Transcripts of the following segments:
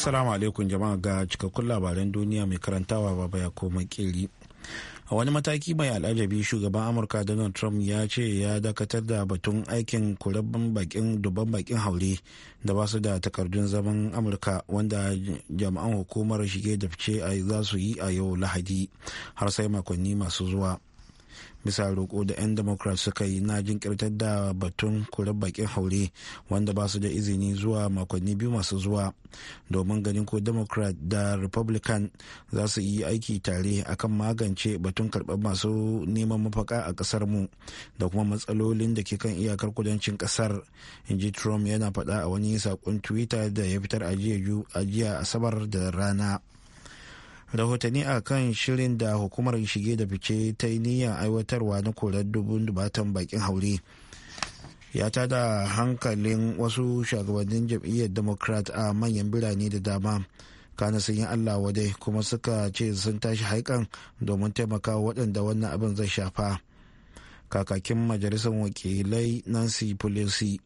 Assalamu alaikum jama'a ga cikakkun labaran duniya mai karantawa baba ya koma kiri. A wani mataki mai al'ajabi shugaban Amurka Donald Trump ya ce ya dakatar da batun aikin kurabban bakin dubban bakin haure da basu da takardun zaman Amurka wanda jama'an hukumar shige da fice za su yi a yau Lahadi har sai makonni masu zuwa. bisa roƙo da 'yan democrat suka yi na jinkirtar da batun kurar bakin haure wanda ba su da izini zuwa makonni biyu masu zuwa domin ganin ko democrat da republican za su yi aiki tare akan magance batun karɓar masu neman mafaka a ƙasar mu da kuma matsalolin da ke kan iyakar kudancin ƙasar ji trump yana faɗa a wani saƙon twitter da ya fitar a asabar da rana rahotanni a kan shirin da hukumar shige da fice ta yi niyyar aiwatarwa na korar dubun dubatan bakin haure ya tada hankalin wasu shugabannin jam'iyyar democrat a manyan birane da dama kana sun yi allah wadai kuma suka ce sun tashi haikan domin taimaka waɗanda wannan abin zai shafa kakakin majalisar wakilai nancy pelosi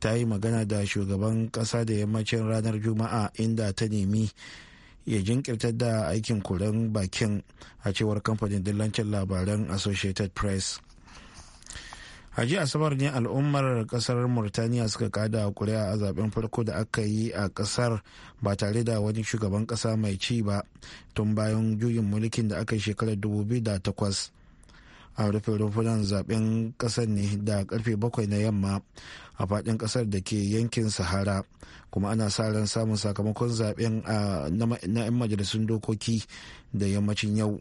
ta yi magana da shugaban ƙasa da yammacin ranar juma'a inda ta nemi ya jinkirtar da aikin koren bakin a cewar kamfanin dillancin labaran associated press a ji asabar ne al'ummar kasar murtaniya suka kada kuri'a a zaben farko da aka yi a kasar ba tare da wani shugaban kasa mai ci ba tun bayan juyin mulkin da aka yi shekarar 2008 a rufe rumfunan zaben kasar ne da karfe bakwai na yamma a fadin kasar da ke yankin sahara kuma ana sa ran samun sakamakon zaben na 'yan majalisun dokoki da yammacin yau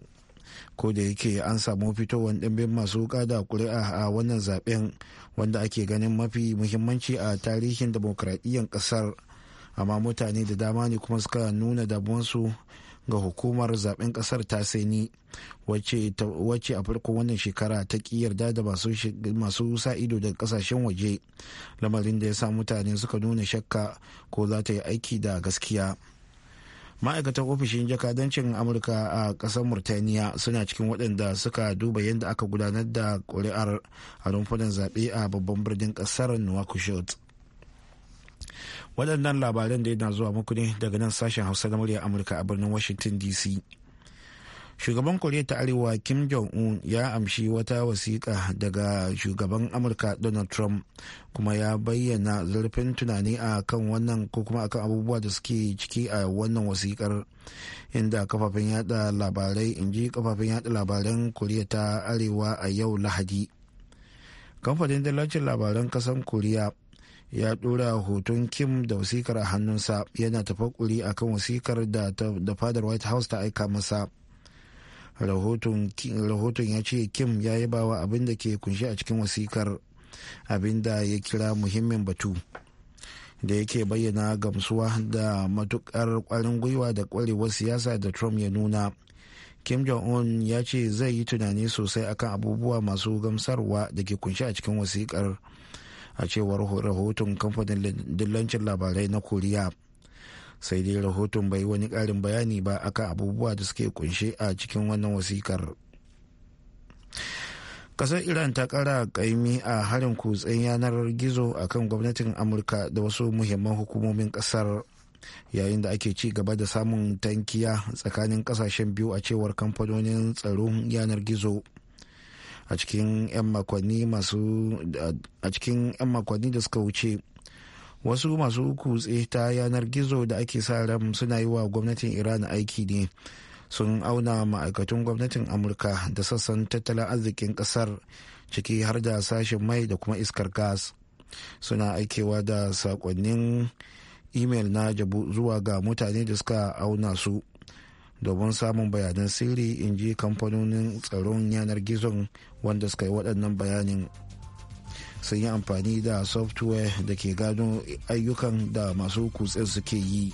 ko da yake an samu fitowar ɗimbin masu da kuri'a a wannan zaben wanda ake ganin mafi muhimmanci a tarihin demokradiyyar ƙasar amma mutane da dama ne kuma suka nuna damuwansu ga hukumar zaben kasar ta seni wacce a farkon wannan shekara ta ki yarda da masu sa ido daga kasashen waje lamarin da ya sa mutane suka nuna shakka ko za ta yi aiki da gaskiya ma'aikatan ofishin jakadancin amurka a kasar murtaniya suna cikin waɗanda suka duba yadda aka gudanar da ƙuri'ar a rumfunan zaɓe a babban birnin ƙasar nouakchott waɗannan labaran da yana zuwa muku ne daga nan sashen hausa na murya amurka a birnin washington dc shugaban koriya ta arewa kim jong-un ya amshi wata wasiƙa daga shugaban amurka donald trump kuma ya bayyana zurfin tunani a kan wannan ko kuma akan abubuwa da suke ciki a wannan wasiƙar inda kafafen yada labarai in ji kafafen yada labaran koriya ta arewa a yau lahadi kamfanin dalacin labaran kasan koriya ya dora hoton kim da wasikar a hannunsa yana a kan wasikar da, da fadar white house ta aika masa rahoton ya ce kim ya yi bawa abin da ke kunshi a cikin wasikar abin da ya kira muhimmin batu da yake bayyana gamsuwa da matukar kwarin gwiwa da kwarewar siyasa da trump ya nuna kim jong-un ya ce zai yi tunani sosai akan abubuwa masu gamsarwa da ke kunshi a cikin wasikar a cewar rahoton kamfanin dillancin labarai na koriya sai dai rahoton bai wani ƙarin bayani ba akan abubuwa da suke kunshe a cikin wannan wasikar kasar iran ta kara kaimi a harin kutsen yanar gizo akan gwamnatin amurka da wasu muhimman hukumomin kasar yayin da ake ci gaba da samun tankiya tsakanin kasashen biyu a cewar kamfanonin tsaron yanar gizo a cikin 'yan makonni da suka wuce wasu masu kutse ta yanar gizo da ake sa ran suna yi wa gwamnatin iran aiki ne sun auna ma'aikatun gwamnatin amurka da sassan tattalin arzikin kasar ciki har da sashen mai da kuma iskar gas suna aikewa da sakonnin imel na jabu zuwa ga mutane da suka auna su domin samun bayanan sirri in ji kamfanonin tsaron yanar gizon wanda suka yi waɗannan bayanin sun yi amfani da software da ke gano ayyukan da masu kutse suke yi.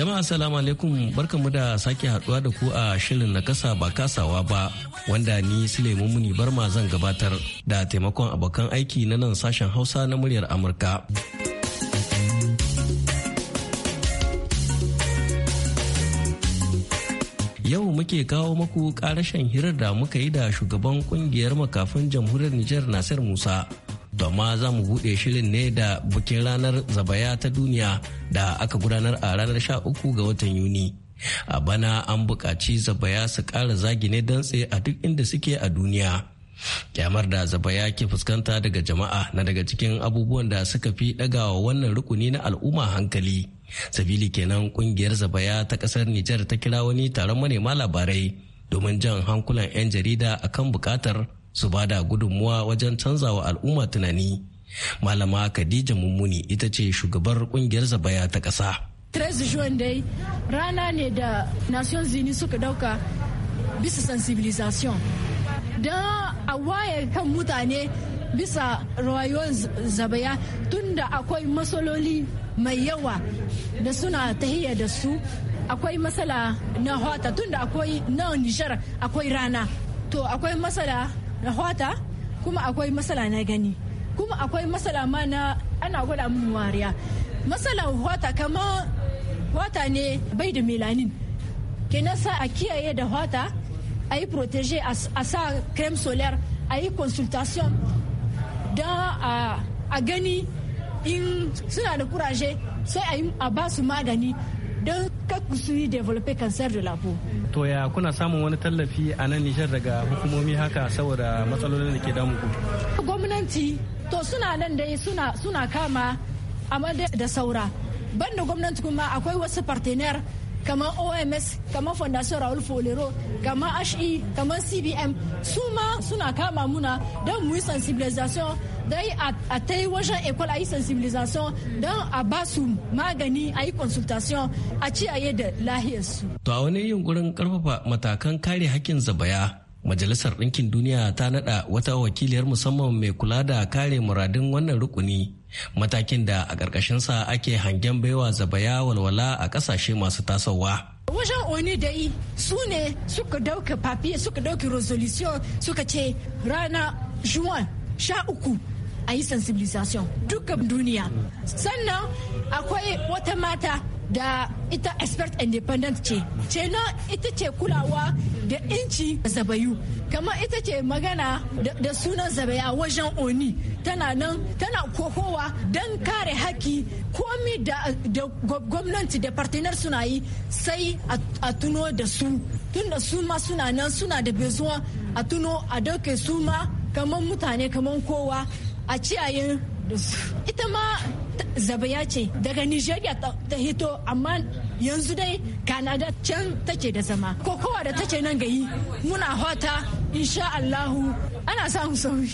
Jama'a salamu alaikum barkanmu da sake haduwa da ku a shirin na kasa ba kasawa ba wanda ni Suleiman Muni Barma zan gabatar da taimakon abokan aiki na nan sashen Hausa na muryar Amurka. Yau muke kawo maku karashen hirar da muka yi da shugaban kungiyar makafin jamhuriyar Nijar Nasir Musa To zamu za mu buɗe shirin ne da bukin ranar zabaya ta duniya da aka gudanar a ranar 13 ga watan Yuni. A bana an buƙaci zabaya su ƙara zagine dantse a duk inda suke a duniya. kyamar da zabaya ke fuskanta daga jama'a na daga cikin abubuwan da suka fi ɗagawa wannan rukuni na al'umma hankali sabili kenan ƙungiyar zabaya ta ƙasar nijar ta kira wani taron manema labarai domin jan hankulan 'yan jarida akan bukatar su ba da gudunmuwa wajen canzawa al'umma tunani malama khadija mummuni ita ce shugabar kungiyar zabaya ta ƙasa 13 dai rana ne da nations zini suka dauka bisa sensibilisation don a waye kan mutane bisa rayuwar zabaya tunda akwai matsaloli mai yawa da suna tahiyya da su akwai matsala na hota tunda akwai na nijar akwai rana to akwai matsala na hwata kuma akwai masala na gani kuma akwai masala ma na ana gwada mun wariya masala hwata kama hwata ne bai da melanin kenan sa a kiyaye da hwata a yi protege a sa creme solaire a yi consultation don a gani in suna da kuraje sai a ba su magani don kaku su yi developer cancer de la peau. To ya kuna samun wani tallafi a nan Nijar daga hukumomi haka saboda matsalolin da ke damu ku? Gwamnati to suna nan dai suna suna kama amma da saura. Banda gwamnati kuma akwai wasu partenaire kamar oms kamar fondation Raoul folero kamar he kamar cbm su ma suna kama muna don muyi yi sensibilisation don a ta yi wajen ekwal a yi sensibilisation don a ba su magani a yi consultation a ci a yi da lahiyarsu. to a wani yunkurin karfafa matakan kare hakkin zabaya majalisar ɗinkin duniya ta naɗa wata wakiliyar musamman mai kula da kare muradin wannan rukuni matakin da a ƙarƙashinsa ake hangen baiwa zabaya walwala a ƙasashe masu tasowa. wajen oni da yi su ne suka dauka papiye suka dauki resolution suka ce rana juan sha uku a yi sensibilisation dukkan duniya sannan akwai wata mata da ita expert independent ce ce na ita ce kulawa da inci zabayu kama ita ce magana da sunan zabaya wajen oni tana nan tana kokowa don kare haki komi da gwamnati da partner suna yi sai a tuno da su tun da su ma suna nan suna da bezuwa a tuno a dauke su ma kamar mutane kamar kowa a ciyayin da su ita ma zabaya ce daga nigeria ta hito amma yanzu dai kanada can take da zama kokowa da take nan gayi muna hota insha allahu ana samu sauri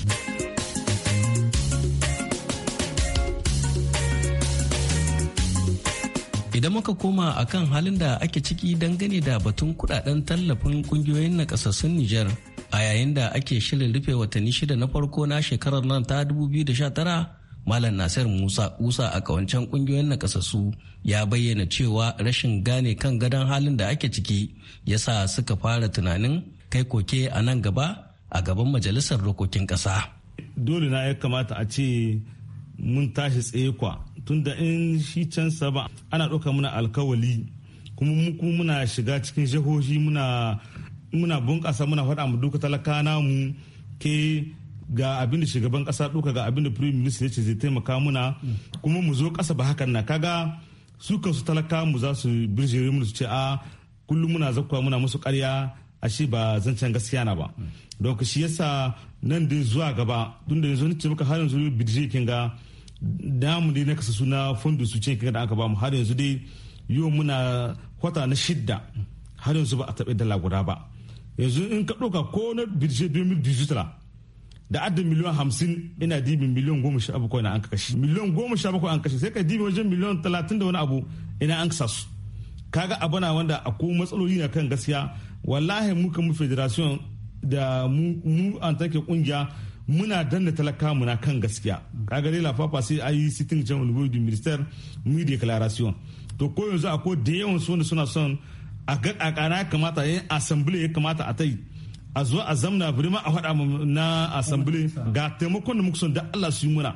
idan muka koma akan halin da ake ciki dangane da batun kudaden tallafin kungiyoyin nakasassun niger a yayin da ake shirin rufe watanni shida na farko na shekarar nan ta 2019 Malam Nasir Musa Usa a kawancen kungiyoyin nakasassu ya bayyana cewa rashin gane kan gadon halin da ake ciki ya sa suka fara tunanin kai koke a nan gaba a gaban majalisar dokokin ƙasa. Dole na ya kamata a ce mun tashi tsaye kwa tunda in shi can saba ana ɗauka muna alkawali kuma muku muna shiga cikin jihohi muna bunƙasa muna faɗa mu duka talaka namu ke ga abin da shugaban kasa ɗauka ga abin da prime minister ya ce zai taimaka muna kuma mu zo kasa ba hakan na kaga su kansu talaka mu za su birjire mu su ce a kullum muna zakwa muna musu karya ashe ba zancen gaskiya na ba don shi yasa nan da zuwa gaba tun da yanzu ce maka har yanzu bidje kin ga damu dai na kasa suna fundu su ce kin da aka ba mu har yanzu dai yau muna kwata na shidda har yanzu ba a taɓa dala guda ba yanzu in ka ɗauka ko na bidje 2018 da adadin miliyan hamsin ina dibin miliyan goma sha bakwai na an kashe miliyan goma sha bakwai an kashe sai ka dibi wajen miliyan talatin da wani abu ina an kasa su kaga abu na wanda akwai matsaloli na kan gaskiya wallahi muka mu federation da mu an take kungiya muna danna talaka muna kan gaskiya kaga dai lafafa sai ayi sitting general du minister mu declaration to ko yanzu akwai da yawan su wanda suna son a ga kamata yin eh, assembly ya kamata a ta yi a zo a zamna birma a faɗa na asambili ga taimakon da muka son da Allah su yi muna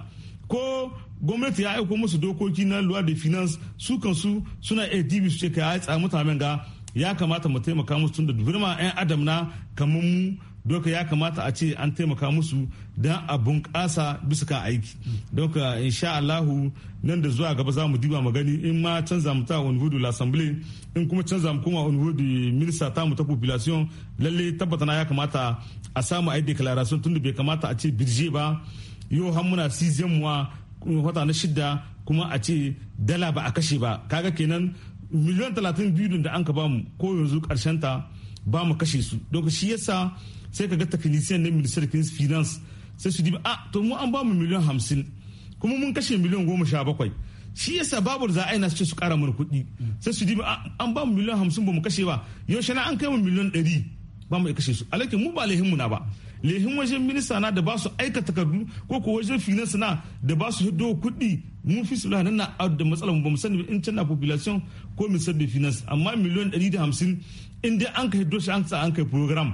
ko gwamnati ya aiko musu dokoki na luwa da finance su kansu suna iya dibi su ce ka ya tsaya mutanen ga ya kamata mu taimaka musu tun da birma 'yan adam na kamar mu doka ya kamata a ce an taimaka musu don a bunƙasa bisa kan aiki doka insha Allahu nan da zuwa gaba za mu diba mu gani in ma canza mu ta wani hudu in kuma canza mu kuma wani hudu minista ta mu ta population lalle tabbata na ya kamata a samu ai declaration tun da bai kamata a ce birje ba yau har muna sixième mois wata na shida kuma a ce dala ba a kashe ba kaga kenan miliyan talatin biyu da an ka bamu ko yanzu karshen ta ba mu kashe su don shi yasa sai ka ga technician na minister of finance sai su dibi a ah, to mu an ba mu miliyan hamsin kuma mun kashe miliyan goma sha bakwai shi yasa babu za a yi nasu ce su kara mana kuɗi sai su a ah, an ba mu miliyan hamsin ba mu kashe ba yaushe na an kai mu miliyan ɗari ba mu kashe su alaƙi mu ba lehinmu na ba lehin wajen minista na da ba su aika takardu ko ko wajen finance na da ba su hiddo kuɗi mun fi su lahanin na da matsalar mu ba mu sani in can na population ko minister da finance amma miliyan ɗari da hamsin in dai an kai doshi an an kai program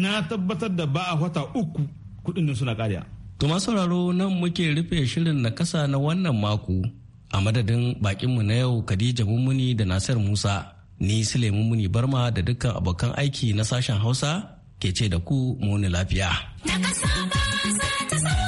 na tabbatar da ba a wata uku kudin nan suna kariya to sauraro nan muke rufe shirin na kasa na wannan mako a madadin bakinmu na yau Khadija Mummuni da Nasir Musa ni Sule Mummuni Barma da dukkan abokan aiki na sashen Hausa ke ce da ku muni lafiya na kasa ba za ta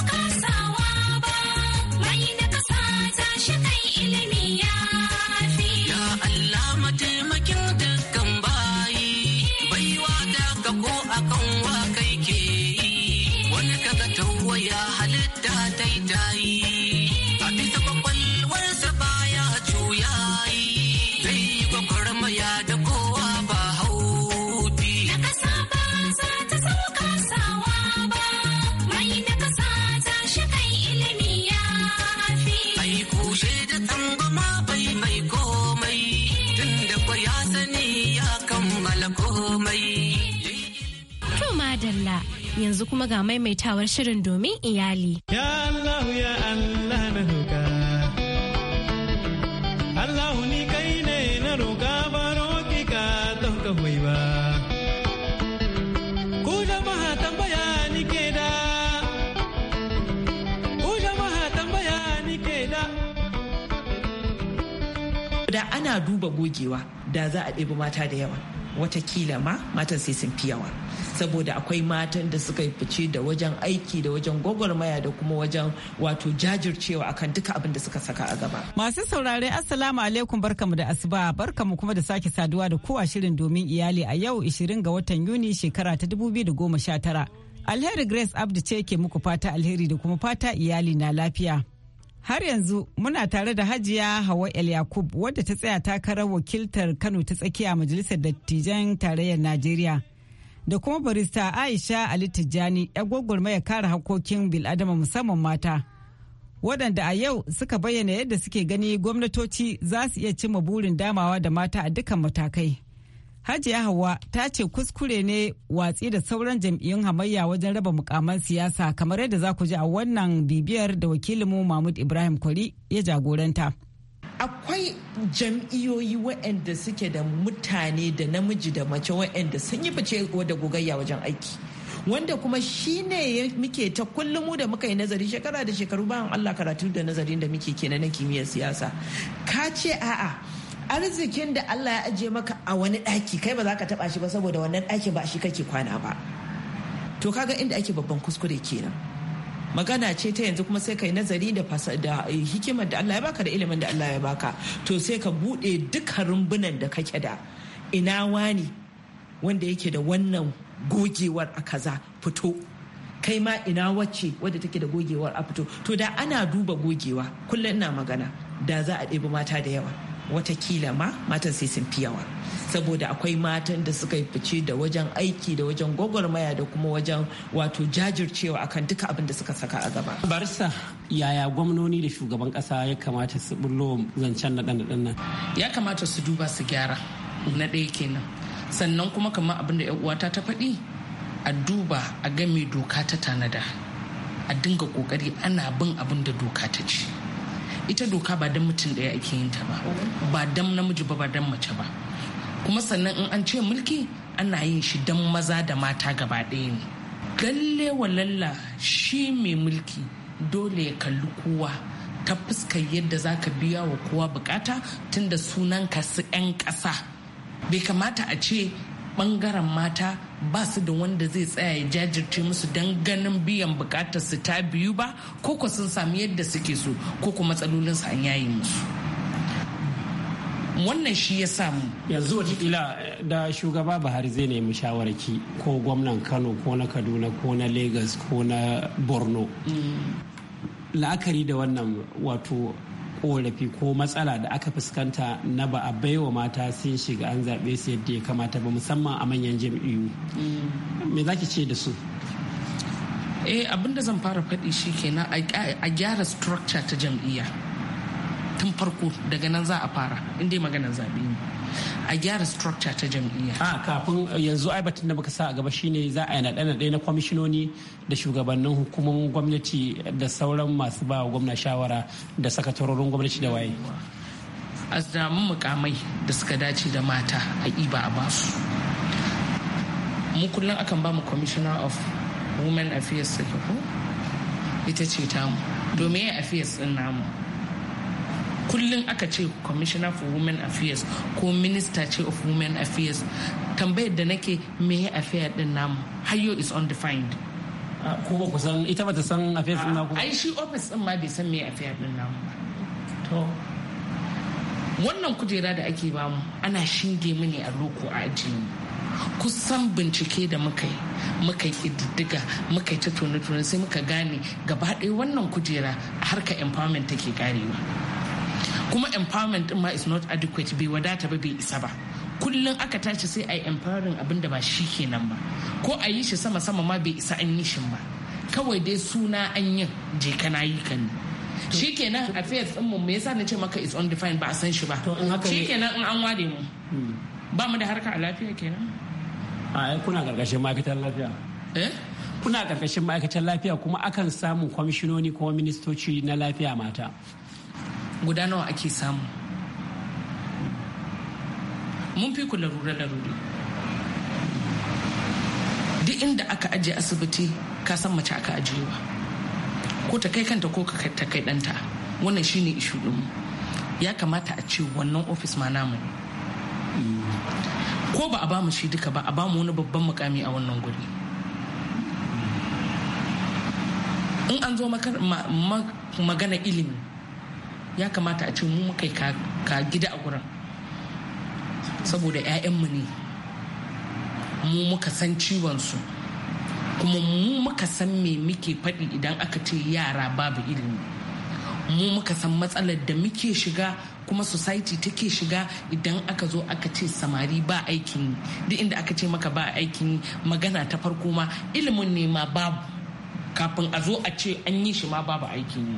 komai. To madalla yanzu kuma ga maimaitawar shirin domin iyali. Ya Allah ya Allah na roƙa. Allah ni kai ne na roka ba roƙi ka tauka hoi ba. Ku jama'a tambaya ke da. Ku jama'a tambaya ke da. Da ana duba gogewa da za a ɗebi mata da yawa. watakila ma matan sai sun fi yawa saboda akwai matan da suka fice da wajen aiki da wajen gwagwarmaya da kuma wajen wato jajircewa akan duka abin da suka saka a gaba. Masu saurare Assalamu alaikum barkamu da asuba barkamu kuma da sake saduwa da kowa shirin domin iyali a yau 20 ga watan Yuni shekara ta 2019. Alheri Grace Abdi ce ke muku fata alheri da kuma fata iyali na lafiya. Har yanzu muna tare da Hajiya Hawa El Yakub wadda ta tsaya takarar wakiltar Kano ta tsakiya Majalisar Dattijan Tarayyar Najeriya. Da kuma barista Aisha Ali Tijjani ya gwagwarmaya kare hakokin bil'adama musamman mata. Waɗanda a yau suka bayyana yadda suke gani gwamnatoci za su iya cimma burin damawa da mata a dukkan matakai. Hajiya Hauwa ta ce kuskure ne watsi da sauran jam'iyyun hamayya wajen raba mukaman siyasa kamar yadda za ku ji a wannan bibiyar da wakilinmu Mahmud Ibrahim Kwari ya jagoranta. Akwai jam'iyyoyi waɗanda suke da mutane da namiji da mace waɗanda sun yi fice da gogayya wajen aiki. wanda kuma shi ne muke ta kullum da muka yi nazari shekara da shekaru bayan Allah karatu da nazarin da muke kenan na kimiyyar siyasa ka ce a'a arzikin da Allah ya ajiye maka a wani ɗaki kai ba za ka taɓa shi ba saboda wannan ɗakin ba shi kake kwana ba to kaga inda ake babban kuskure kenan magana ce ta yanzu kuma sai kai nazari da da hikimar da Allah ya baka da ilimin da Allah ya baka to sai ka buɗe duka rumbunan da kake da ina wani wanda yake da wannan gogewar a kaza fito kai ma ina wacce wadda take da gogewar a fito to da ana duba gogewa kullum ina magana da za a ɗebi mata da yawa watakila ma matan sai sun fi yawa saboda akwai matan da suka yi fice da wajen aiki da wajen gwagwarmaya da kuma wajen wato jajircewa akan duka abin da suka saka a gaba. barsa yaya gwamnoni da shugaban kasa ya kamata su bullo zancen na nan ya kamata su duba su gyara na ɗaya kenan sannan kuma kamar abin da uwata ta faɗi a duba a game doka ta tanada a dinga ƙoƙari ana bin abin da doka ta ce. ita doka ba dan mutum daya ake yin ta ba ba dan namiji ba ba dan mace ba kuma sannan in an ce mulki ana yin shi dan maza da mata gaba ɗaya ne galle walalla shi mai mulki dole ya kalli kowa ta fuskar yadda za ka biya wa kowa bukata tunda sunan ka su 'yan ƙasa bai kamata a ce bangaren mata ba su da wanda zai tsaya ya jajirce musu don ganin biyan bukatar su ta biyu ba ko ko sun sami yadda suke so ko ko matsalolin su an yayi musu wannan shi ya samu yanzu watakila eh, da shugaba buhari zai nemi shawarki ko gwamnan kano ko na kaduna ko na lagos ko na borno mm. la'akari da wannan wato korafi ko matsala da aka fuskanta na ba a baiwa mata sun shiga an zaɓe su yadda ya kamata ba musamman a manyan jam'iyyu mm. me za ki ce da su eh abinda zan fara faɗi shi kenan a gyara structure ta jam'iyya tun farko daga nan za a fara inda magana maganar zaɓe ne a gyara structure ta jam'iyya. a kafin yanzu ai batun da muka sa a gaba shine za a yi naɗe-naɗe na kwamishinoni da shugabannin hukumomin gwamnati da sauran masu ba gwamna shawara da sakatarorin gwamnati da waye. a zama mukamai da suka dace da mata a iba a basu mu kullum akan ba mu commissioner of women affairs ko ita ce tamu domin affairs din namu kullum aka ce commissioner for women affairs ko minister ce of women affairs tambayar da nake me ya affair din namu hayo is undefined ah, ko ba ku san ita ba ta san affairs din naku ai shi office din ma bai san me affair din namu ba to wannan kujera da ake bamu ana shinge mu a loko a ajiye kusan bincike da muka yi muka yi ƙididdiga muka yi ta tone-tone sai muka gane gaba ɗaya wannan kujera a harka empowerment take karewa kuma empowerment din ma is not adequate bai wadata ba bai isa ba kullum aka tashi sai a yi empowering abin da ba shi kenan ba ko a yi shi sama sama ma bai isa an yi shi ba kawai dai suna an yin je kana yi kan shi kenan affairs din mu me yasa na ce maka is undefined ba a san shi ba shi kenan in an ware mu hmm. ba mu da harka a lafiya kenan a kuna karkashin ma'aikatar lafiya eh kuna karkashin ma'aikatar lafiya kuma akan samun kwamishinoni ko ministoci na lafiya mata guda nawa ake samu mun fi ku larure-larure duk inda aka ajiye asibiti ka san mace aka ajiyewa ko ta kai kanta ko ta kai ɗanta wannan shine ishu ɗinmu ya kamata a ce wannan ofis ma namu ko ba a bamu shi duka ba a bamu wani babban mukami a wannan guri in an zo magana ilimi ya kamata a ce mu muka ka gida a gurin saboda 'ya'yanmu ne mu muka san su kuma mu muka san me muke faɗi idan aka ce yara babu ilimi mu muka san matsalar da muke shiga kuma society take shiga idan aka zo aka ce samari ba aikin duk inda aka ce maka ba aikin magana ta farko ma ilimin ne ma babu kafin a zo a ce an yi shi ma babu aikin yi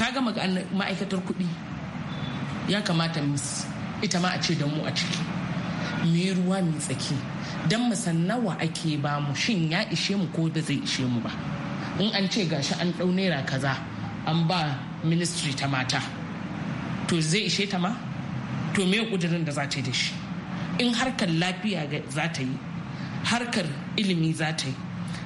Ka ga ma'aikatar kuɗi ya kamata ita ma a ce da mu a ciki Me ruwa mai tsaki don mu nawa ake ba mu shin ya ishe mu ko da zai ishe mu ba in an ce gashi an ɗau naira kaza an ba ministry ta mata to zai ishe ta ma to me ƙudurin da za ta yi da shi in harkar lafiya za ta yi harkar ilimi za ta yi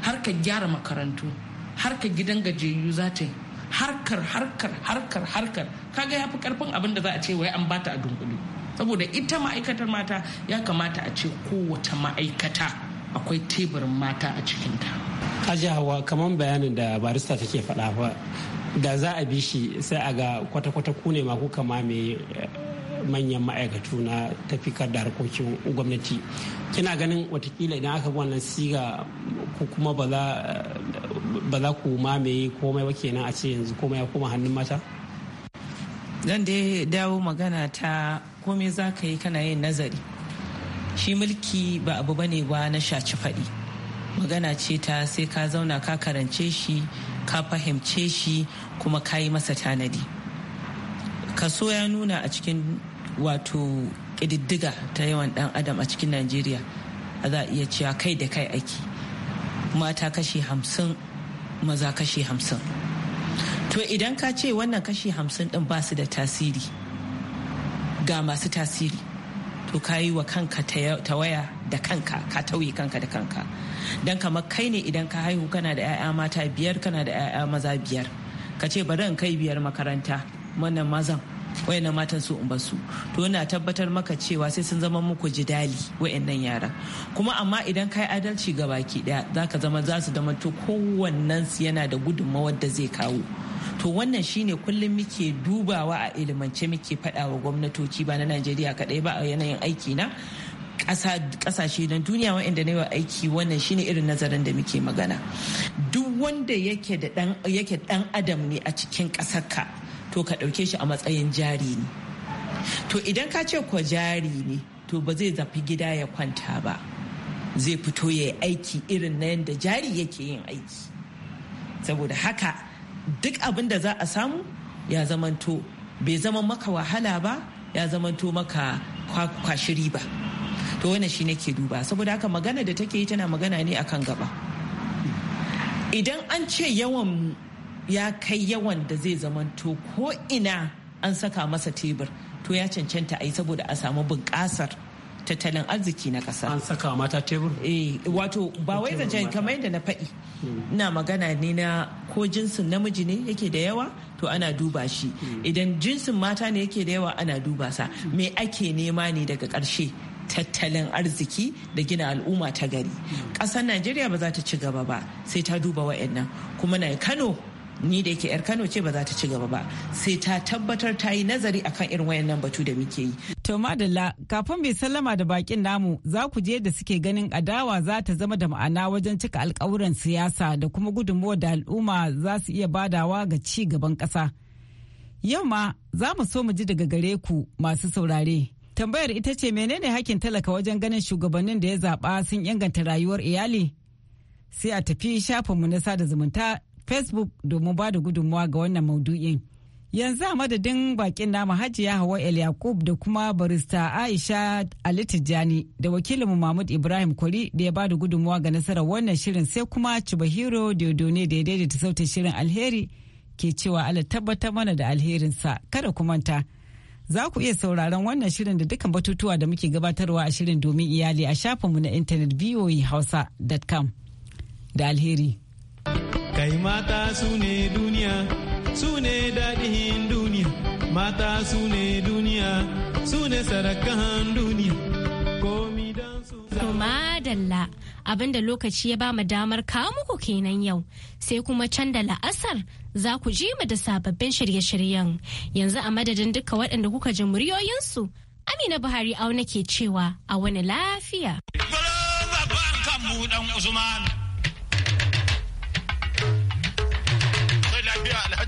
harkar gyara makarantu harkar gidan gajiyayyu za ta yi harkar harkar harkar harkar kaga ya fi karfin abin da za a ce wai an bata a dunkulu saboda ita ma'aikatar mata ya kamata a ce kowace ma'aikata akwai teburin mata a cikinta hawa kamar bayanin da barista take faɗa ba da za a bi shi sai a ga kwata-kwata ku ne ma kuka mame eh, manyan ma'aikatu na tafikar da harkokin gwamnati kina ganin watakila idan aka wannan siga ko kuma ba za eh, ba za ku mamaye komai ba kenan a ce yanzu komai ya koma hannun mata zan dai dawo magana ta komai za ka yi kana yin nazari shi mulki ba abu bane ba na shaci faɗi magana ce ta sai ka zauna ka karance shi ka fahimce shi kuma ka yi masa tanadi kaso ya nuna a cikin wato ƙididdiga ta yawan ɗan adam a cikin najeriya za a iya cewa kai da kai aiki mata kashi hamsin maza kashe hamsin to idan ka ce wannan kashe hamsin din ba su da tasiri ga masu tasiri to ka yi wa kanka tawaya da kanka ka tauye kanka da kanka don kamar kai ne idan ka haihu kana da 'ya'ya mata biyar kana da 'ya'ya maza biyar ka ce bari in kai biyar makaranta wannan mazan wayannan matan su in basu to na tabbatar maka cewa sai sun zama muku jidali wayannan yara kuma amma idan kai adalci ga baki daya zaka zama za su zama to kowannen su yana da gudunmawar da zai kawo to wannan shine kullum muke dubawa a ilimance muke faɗawa gwamnatoci ba na najeriya kaɗai ba a yanayin aiki na kasashe na duniya waɗanda na yi aiki wannan shine irin nazarin da muke magana duk wanda yake dan adam ne a cikin ƙasarka to ka ɗauke shi a matsayin jari ne to idan ka ce ko jari ne to ba zai zafi gida ya kwanta ba zai fito ya yi aiki irin na yadda jari yake yin aiki saboda haka duk abin da za a samu ya zamanto bai zama maka wahala ba ya zamanto maka kwashiri ba to wannan shi nake duba saboda haka magana da take yi tana magana ne akan gaba idan an ce yawan ya kai yawan da zai zamanto ko ina an saka masa tebur to ya cancanta a yi saboda a samu bunƙasar tattalin arziki na ƙasa. An saka mata tebur? Eh, wato ba wai zancen kamar yadda na faɗi. Hmm. Ina magana ne na ko jinsin namiji ne yake da yawa to ana duba shi. Hmm. Idan jinsin mata ne yake da yawa ana duba sa. Hmm. Me ake nema ne daga ƙarshe? tattalin arziki da gina al'umma ta gari. Ƙasar Najeriya ba za ta ci gaba ba sai ta duba wa'annan. Kuma na Kano ni da yake 'yar kano ce ba za ta ci gaba ba sai ta tabbatar ta yi nazari akan irin wayannan batu da muke yi. to madalla kafin bai sallama da bakin namu za ku je da suke ganin adawa za ta zama da ma'ana wajen cika alkawuran siyasa da kuma gudunmuwa da al'umma za su iya badawa ga ci gaban ƙasa. yau ma za mu so mu ji daga gare ku masu saurare. Tambayar ita ce menene hakin talaka wajen ganin shugabannin da ya zaba sun inganta rayuwar iyali? Sai a tafi shafinmu na sada zumunta facebook domin ba da gudunmawa ga wannan maudu'in yanzu a madadin bakin nama hajiya hawa el yakub da kuma barista aisha ali tijjani da wakilinmu mahmud ibrahim kwari da ya ba da gudunmawa ga nasarar wannan shirin sai kuma chibahiro diodone da ya daidaita sautin shirin alheri ke cewa ala tabbatar mana da alherinsa kada ku manta za ku iya sauraron wannan shirin da dukkan batutuwa da muke gabatarwa a shirin domin iyali a shafinmu na intanet voahausa.com da alheri. kai mata su ne duniya su ne daɗin duniya mata su ne duniya su ne sarakan duniya komi don su madalla abinda lokaci ya ba mu damar kawo muku kenan yau sai kuma can da la'asar za ku ji mu da sababbin shirye-shiryen yanzu a madadin duka waɗanda kuka ji muryoyinsu amina buhari auna ke cewa a wani lafiya. Usman.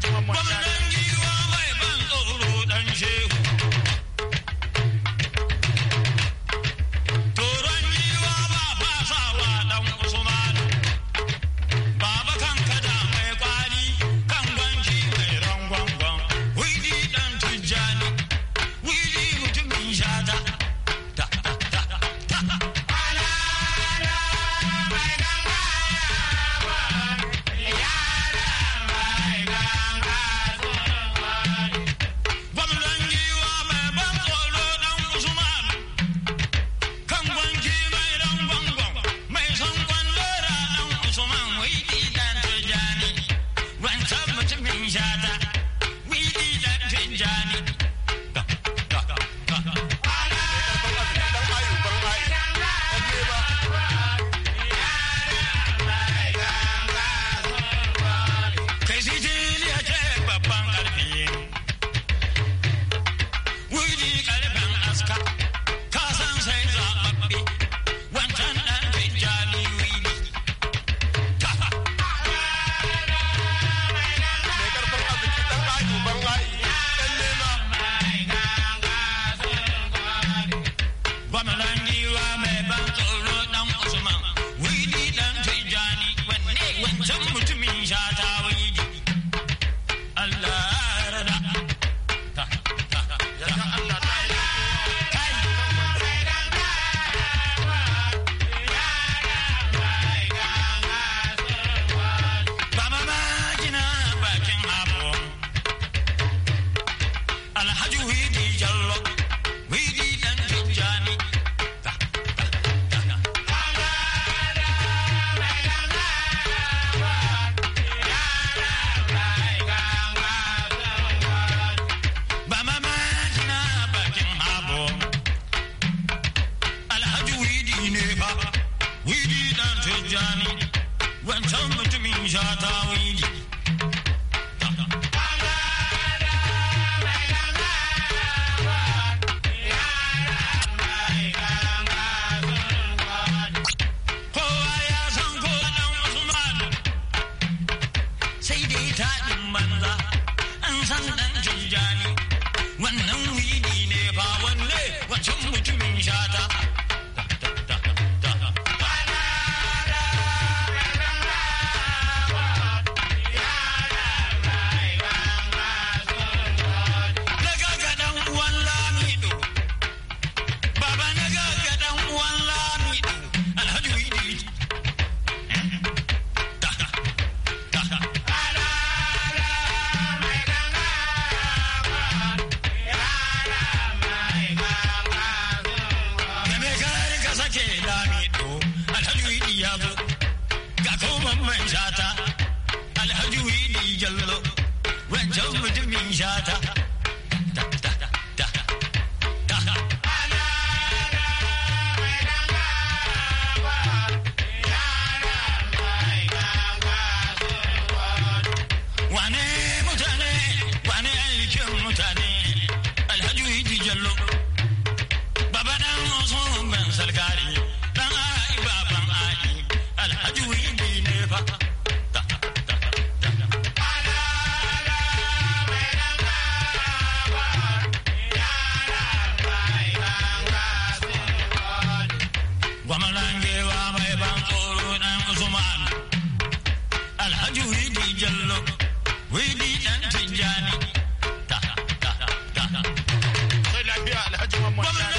Gwamnati samjata hudumi shata. Brother